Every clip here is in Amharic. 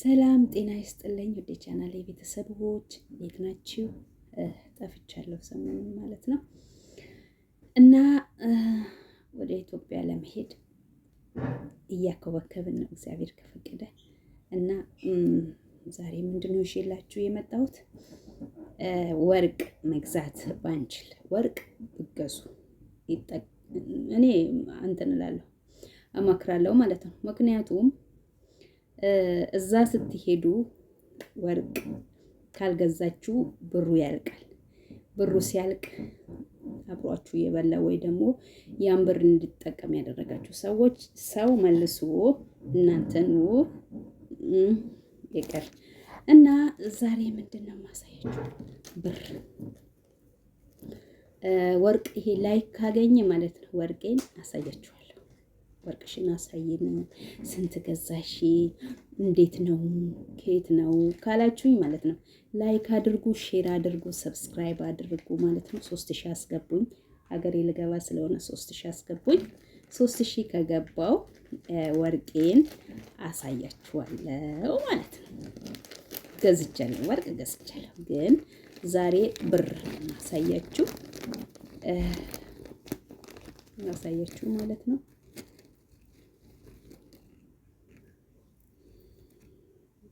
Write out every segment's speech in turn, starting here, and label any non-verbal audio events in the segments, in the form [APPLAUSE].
ሰላም ጤና ይስጥልኝ ውዴ ቻናል የቤተሰቦች እንዴት ናችሁ? ጠፍቻለሁ ሰሞኑን ማለት ነው እና ወደ ኢትዮጵያ ለመሄድ እያከበከብን ነው እግዚአብሔር ከፈቀደ እና ዛሬ ምንድን ነው ይዤላችሁ የመጣሁት ወርቅ መግዛት ባንችል ወርቅ ብገዙ እኔ እንትን እላለሁ እመክራለሁ ማለት ነው ምክንያቱም እዛ ስትሄዱ ወርቅ ካልገዛችሁ ብሩ ያልቃል። ብሩ ሲያልቅ አብሯችሁ የበላ ወይ ደግሞ ያን ብር እንድጠቀም ያደረጋችሁ ሰዎች ሰው መልሶ እናንተን ይቅር እና ዛሬ ምንድን ነው ማሳያችሁ? ብር ወርቅ ይሄ ላይ ካገኘ ማለት ነው። ወርቄን አሳያችኋል። ወርቅሽን አሳይን፣ ስንት ገዛሽ፣ እንዴት ነው፣ ከየት ነው ካላችሁኝ ማለት ነው ላይክ አድርጉ፣ ሼር አድርጉ፣ ሰብስክራይብ አድርጉ ማለት ነው። ሶስት ሺ አስገቡኝ። ሀገሬ ልገባ ስለሆነ ሶስት ሺ አስገቡኝ። ሶስት ሺ ከገባው ወርቄን አሳያችኋለሁ ማለት ነው። ገዝቻለሁ፣ ወርቅ ገዝቻለሁ። ግን ዛሬ ብር ማሳያችሁ ማሳያችሁ ማለት ነው።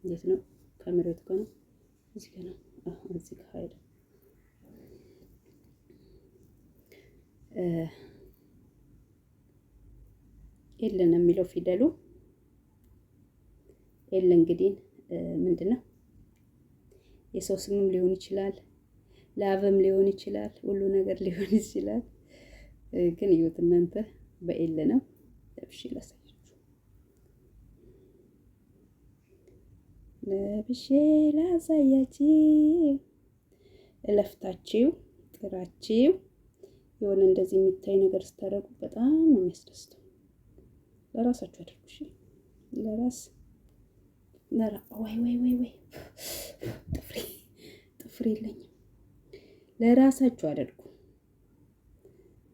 እንዴት ነው? ከመሬት ጋር ነው። እዚህ ጋር ነው። አሁን እዚህ ጋር ሄደ። ኤል ነው የሚለው ፊደሉ። ኤል እንግዲህ ምንድን ነው? የሰው ስምም ሊሆን ይችላል፣ ለአብም ሊሆን ይችላል፣ ሁሉ ነገር [LAUGHS] ሊሆን ይችላል። ግን እዩት እናንተ በኤል ነው። እሺ ለብሼ ላሳያችሁ። እለፍታችሁ ጥራችሁ የሆነ እንደዚህ የሚታይ ነገር ስታደርጉ በጣም ነው የሚያስደስተው። ለራሳችሁ አድርጉ። እሺ ለራስ ለራ ወይ ወይ ወይ ወይ ጥፍሬ ጥፍሬ የለኝም። ለራሳችሁ አድርጉ።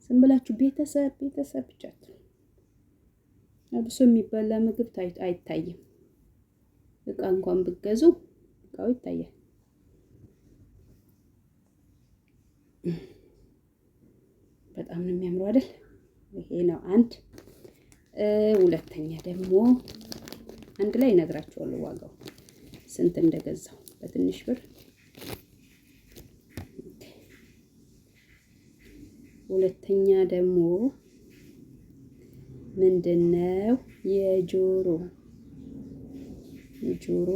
ዝም ብላችሁ ቤተሰብ ቤተሰብ ብቻ አብሶ የሚበላ ምግብ አይታይም። እቃ እንኳን ብገዙ እቃው ይታያል። በጣም ነው የሚያምረው አይደል? ይሄ ነው አንድ። ሁለተኛ ደግሞ አንድ ላይ እነግራችኋለሁ ዋጋው ስንት እንደገዛው በትንሽ ብር ሁለተኛ ደግሞ ምንድነው የጆሮ ጆሮ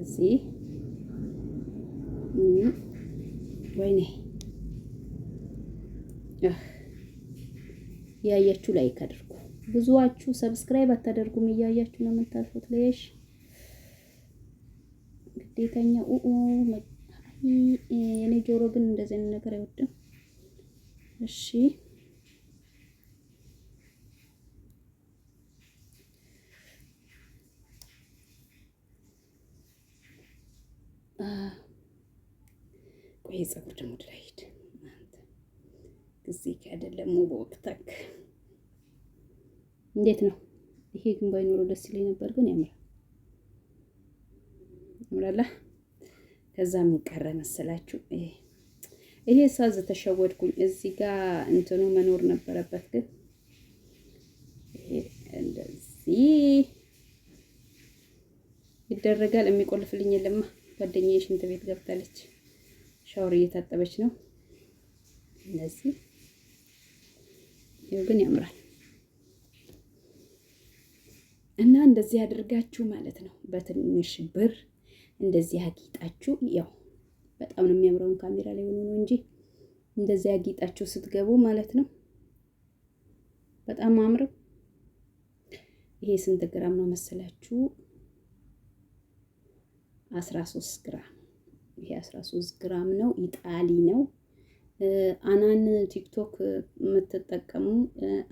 እዚህ ወይኔ እያያችሁ ላይክ አድርጉ። ብዙዋችሁ ሰብስክራይብ አታደርጉም እያያችሁ ነው ታልፎት ለሽ ግዴታኛ ኡኡ እኔ ጆሮ ግን እንደዚህ አይነት ነገር አይወድም። እሺ ቆይ ፀጉር ደግሞ ድራይድ በወቅታክ እንዴት ነው? ይሄ ግን ባይኖረው ደስ ይለኝ ነበር፣ ግን ያምራል ያምራላ ከዛ ምን ቀረ መሰላችሁ? ይሄ ሳዝ ተሸወድኩኝ። እዚህ ጋ እንትኑ መኖር ነበረበት፣ ግን እንደዚህ ይደረጋል። የሚቆልፍልኝ የለማ። ጓደኛዬ ሽንት ቤት ገብታለች፣ ሻወር እየታጠበች ነው። እንደዚህ ይኸው፣ ግን ያምራል። እና እንደዚህ አድርጋችሁ ማለት ነው በትንሽ ብር እንደዚህ አጊጣችሁ ያው በጣም ነው የሚያምረውን ካሜራ ላይ ሆኖ ነው እንጂ እንደዚህ አጊጣችሁ ስትገቡ ማለት ነው። በጣም አምረው። ይሄ ስንት ግራም ነው መሰላችሁ? 13 ግራም። ይሄ 13 ግራም ነው። ኢጣሊ ነው። አናን ቲክቶክ የምትጠቀሙ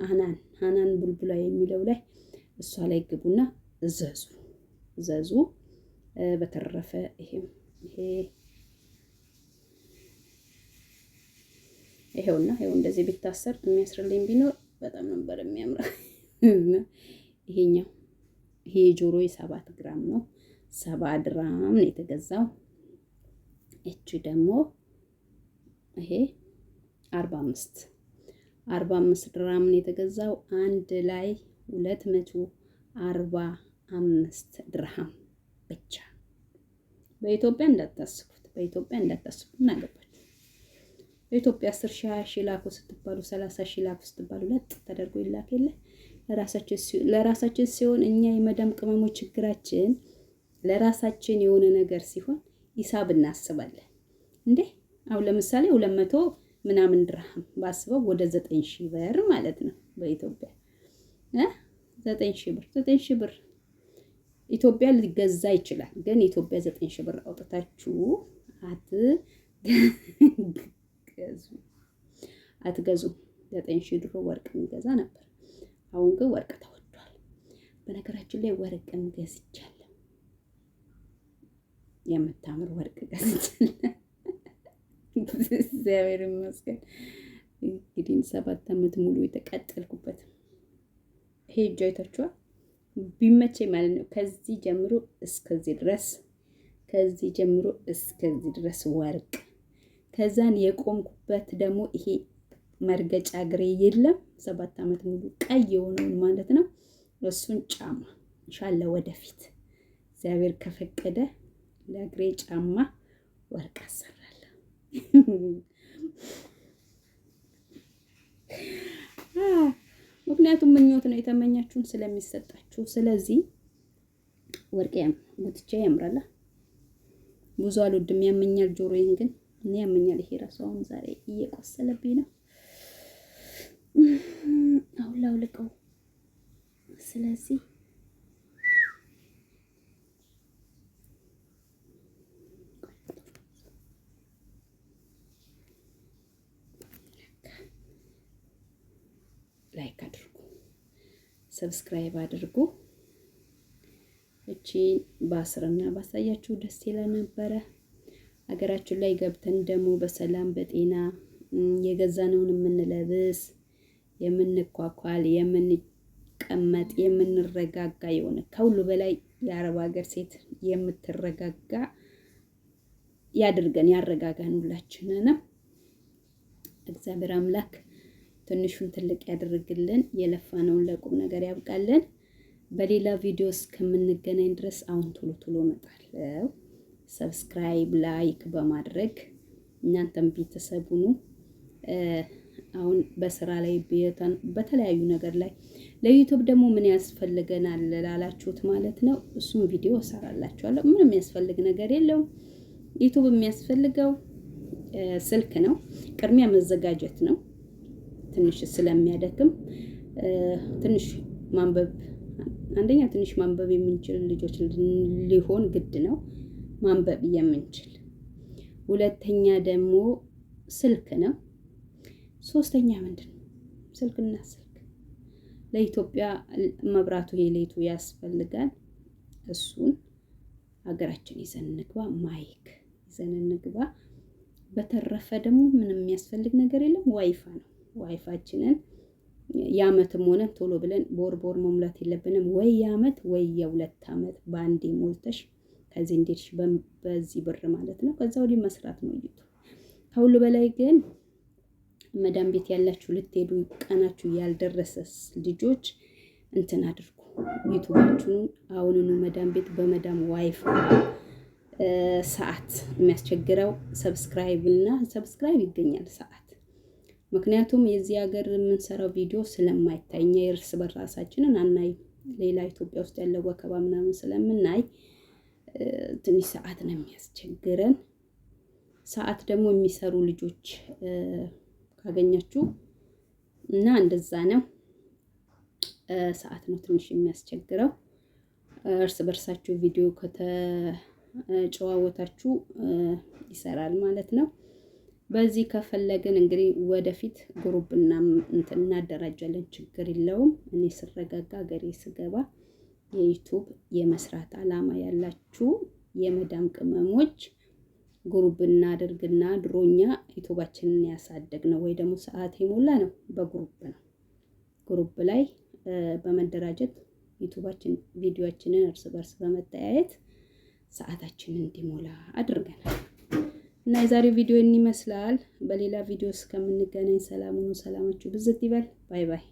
አናን አናን ቡልቡላ የሚለው ላይ እሷ ላይ ግቡና እዘዙ እዘዙ። በተረፈ ይሄም ይሄ ይሄውና ይሄው እንደዚህ ቢታሰር የሚያስርልኝ ቢኖር በጣም ነበር የሚያምረው። ይሄኛው ይሄ ጆሮ ሰባት ግራም ነው፣ ሰባ ድራም ነው የተገዛው። እቺ ደግሞ ይሄ አርባ አምስት አርባ አምስት ድራም ነው የተገዛው። አንድ ላይ ሁለት መቶ አርባ አምስት ድርሃም ብቻ። በኢትዮጵያ እንዳታስቡት፣ በኢትዮጵያ እንዳታስቡት። ምን አገባችሁ? በኢትዮጵያ አስር ሺህ ላኩ ስትባሉ ሰላሳ ሺህ ላኩ ስትባሉ ለጥ ተደርጎ ይላክ የለ ለራሳችን ሲሆን እኛ የመደም ቅመሞች ችግራችን ለራሳችን የሆነ ነገር ሲሆን ሂሳብ እናስባለን እንዴ። አሁን ለምሳሌ ሁለት መቶ ምናምን ድርሃም ባስበው ወደ ዘጠኝ ሺህ ብር ማለት ነው በኢትዮጵያ ዘጠኝ ሺህ ብር ዘጠኝ ሺህ ብር ኢትዮጵያ ሊገዛ ይችላል። ግን ኢትዮጵያ ዘጠኝ ሺህ ብር አውጥታችሁ አትገዙ። ዘጠኝ ሺህ ድሮ ወርቅ የሚገዛ ነበር። አሁን ግን ወርቅ ተወዷል። በነገራችን ላይ ወርቅም ገዝቻለሁ። የምታምር ወርቅ ገዝቻለሁ። [LAUGHS] እግዚአብሔር ይመስገን። እንግዲህ ሰባት ዓመት ሙሉ የተቀጠልኩበት ይሄ እጅ አይታችኋል። ቢመቼ ማለት ነው። ከዚህ ጀምሮ እስከዚህ ድረስ ከዚህ ጀምሮ እስከዚህ ድረስ ወርቅ። ከዛን የቆምኩበት ደግሞ ይሄ መርገጫ እግሬ የለም ሰባት ዓመት ሙሉ ቀይ የሆነውን ማለት ነው። እሱን ጫማ ሻለ ወደፊት እግዚአብሔር ከፈቀደ ለእግሬ ጫማ ወርቅ አሰራለሁ። ምክንያቱም ምኞት ነው የተመኛችሁን ስለሚሰጣችሁ። ስለዚህ ወርቅ ጉትቻ ያምራላ። ብዙ አልወድም፣ ያመኛል። ጆሮዬን ግን እኔ ያመኛል። ይሄ ራሱ አሁን ዛሬ እየቆሰለብኝ ነው። አሁን ላውልቀው። ስለዚህ ሰብስክራይብ አድርጉ። እቺን በአስርና ባሳያችሁ ደስ ይለን ነበረ። ሀገራችን ላይ ገብተን ደግሞ በሰላም በጤና የገዛነውን የምንለብስ የምንኳኳል፣ የምንቀመጥ፣ የምንረጋጋ የሆነ ከሁሉ በላይ የአረብ ሀገር ሴት የምትረጋጋ ያድርገን፣ ያረጋጋን ሁላችንንም እግዚአብሔር አምላክ ትንሹን ትልቅ ያደርግልን፣ የለፋነውን ለቁም ነገር ያብቃልን። በሌላ ቪዲዮ እስከምንገናኝ ድረስ አሁን ቶሎ ቶሎ እመጣለሁ። ሰብስክራይብ፣ ላይክ በማድረግ እናንተም ቤተሰብ ሁኑ። አሁን በስራ ላይ በተለያዩ ነገር ላይ ለዩቱብ ደግሞ ምን ያስፈልገናል ላላችሁት ማለት ነው፣ እሱም ቪዲዮ እሰራላችኋለሁ። ምንም የሚያስፈልግ ነገር የለውም። ዩቱብ የሚያስፈልገው ስልክ ነው። ቅድሚያ መዘጋጀት ነው። ትንሽ ስለሚያደክም ትንሽ ማንበብ አንደኛ ትንሽ ማንበብ የምንችል ልጆች ሊሆን ግድ ነው። ማንበብ የምንችል ሁለተኛ ደግሞ ስልክ ነው። ሶስተኛ ምንድን ነው? ስልክና ስልክ ለኢትዮጵያ መብራቱ የሌቱ ያስፈልጋል። እሱን ሀገራችን ይዘን እንግባ፣ ማይክ ይዘን እንግባ። በተረፈ ደግሞ ምንም የሚያስፈልግ ነገር የለም። ዋይፋ ነው። ዋይፋችንን የአመትም ሆነ ቶሎ ብለን ቦር ቦር መሙላት የለብንም። ወይ የአመት ወይ የሁለት አመት በአንዴ ሞልተሽ ከዚህ እንዴትሽ በዚህ ብር ማለት ነው። ከዛ ወዲህ መስራት ነው ይቱ። ከሁሉ በላይ ግን መዳም ቤት ያላችሁ ልትሄዱ ቀናችሁ ያልደረሰስ ልጆች እንትን አድርጉ ዩቱባችሁን አሁንኑ መዳም ቤት በመዳም ዋይፋ ሰዓት የሚያስቸግረው ሰብስክራይብ እና ሰብስክራይብ ይገኛል ሰዓት ምክንያቱም የዚህ ሀገር የምንሰራው ቪዲዮ ስለማይታይ እኛ የእርስ በራሳችንን አናይ ሌላ ኢትዮጵያ ውስጥ ያለው ወከባ ምናምን ስለምናይ ትንሽ ሰዓት ነው የሚያስቸግረን። ሰዓት ደግሞ የሚሰሩ ልጆች ካገኛችሁ እና እንደዛ ነው። ሰዓት ነው ትንሽ የሚያስቸግረው። እርስ በርሳችሁ ቪዲዮ ከተጨዋወታችሁ ይሰራል ማለት ነው። በዚህ ከፈለግን እንግዲህ ወደፊት ግሩፕ እናደራጃለን። ችግር የለውም። እኔ ስረጋጋ ሀገሬ ስገባ የዩቱብ የመስራት አላማ ያላችሁ የመዳም ቅመሞች ግሩፕ እናድርግና ድሮኛ ዩቱባችንን ያሳደግ ነው ወይ ደግሞ ሰዓት የሞላ ነው በግሩፕ ነው። ግሩፕ ላይ በመደራጀት ዩቱባችን ቪዲዮችንን እርስ በርስ በመጠያየት ሰዓታችንን እንዲሞላ አድርገናል። እና የዛሬው ቪዲዮ ይመስላል። በሌላ ቪዲዮ እስከምንገናኝ ሰላም ሁኑ። ሰላማችሁ ብዝት ይበል። ባይ ባይ።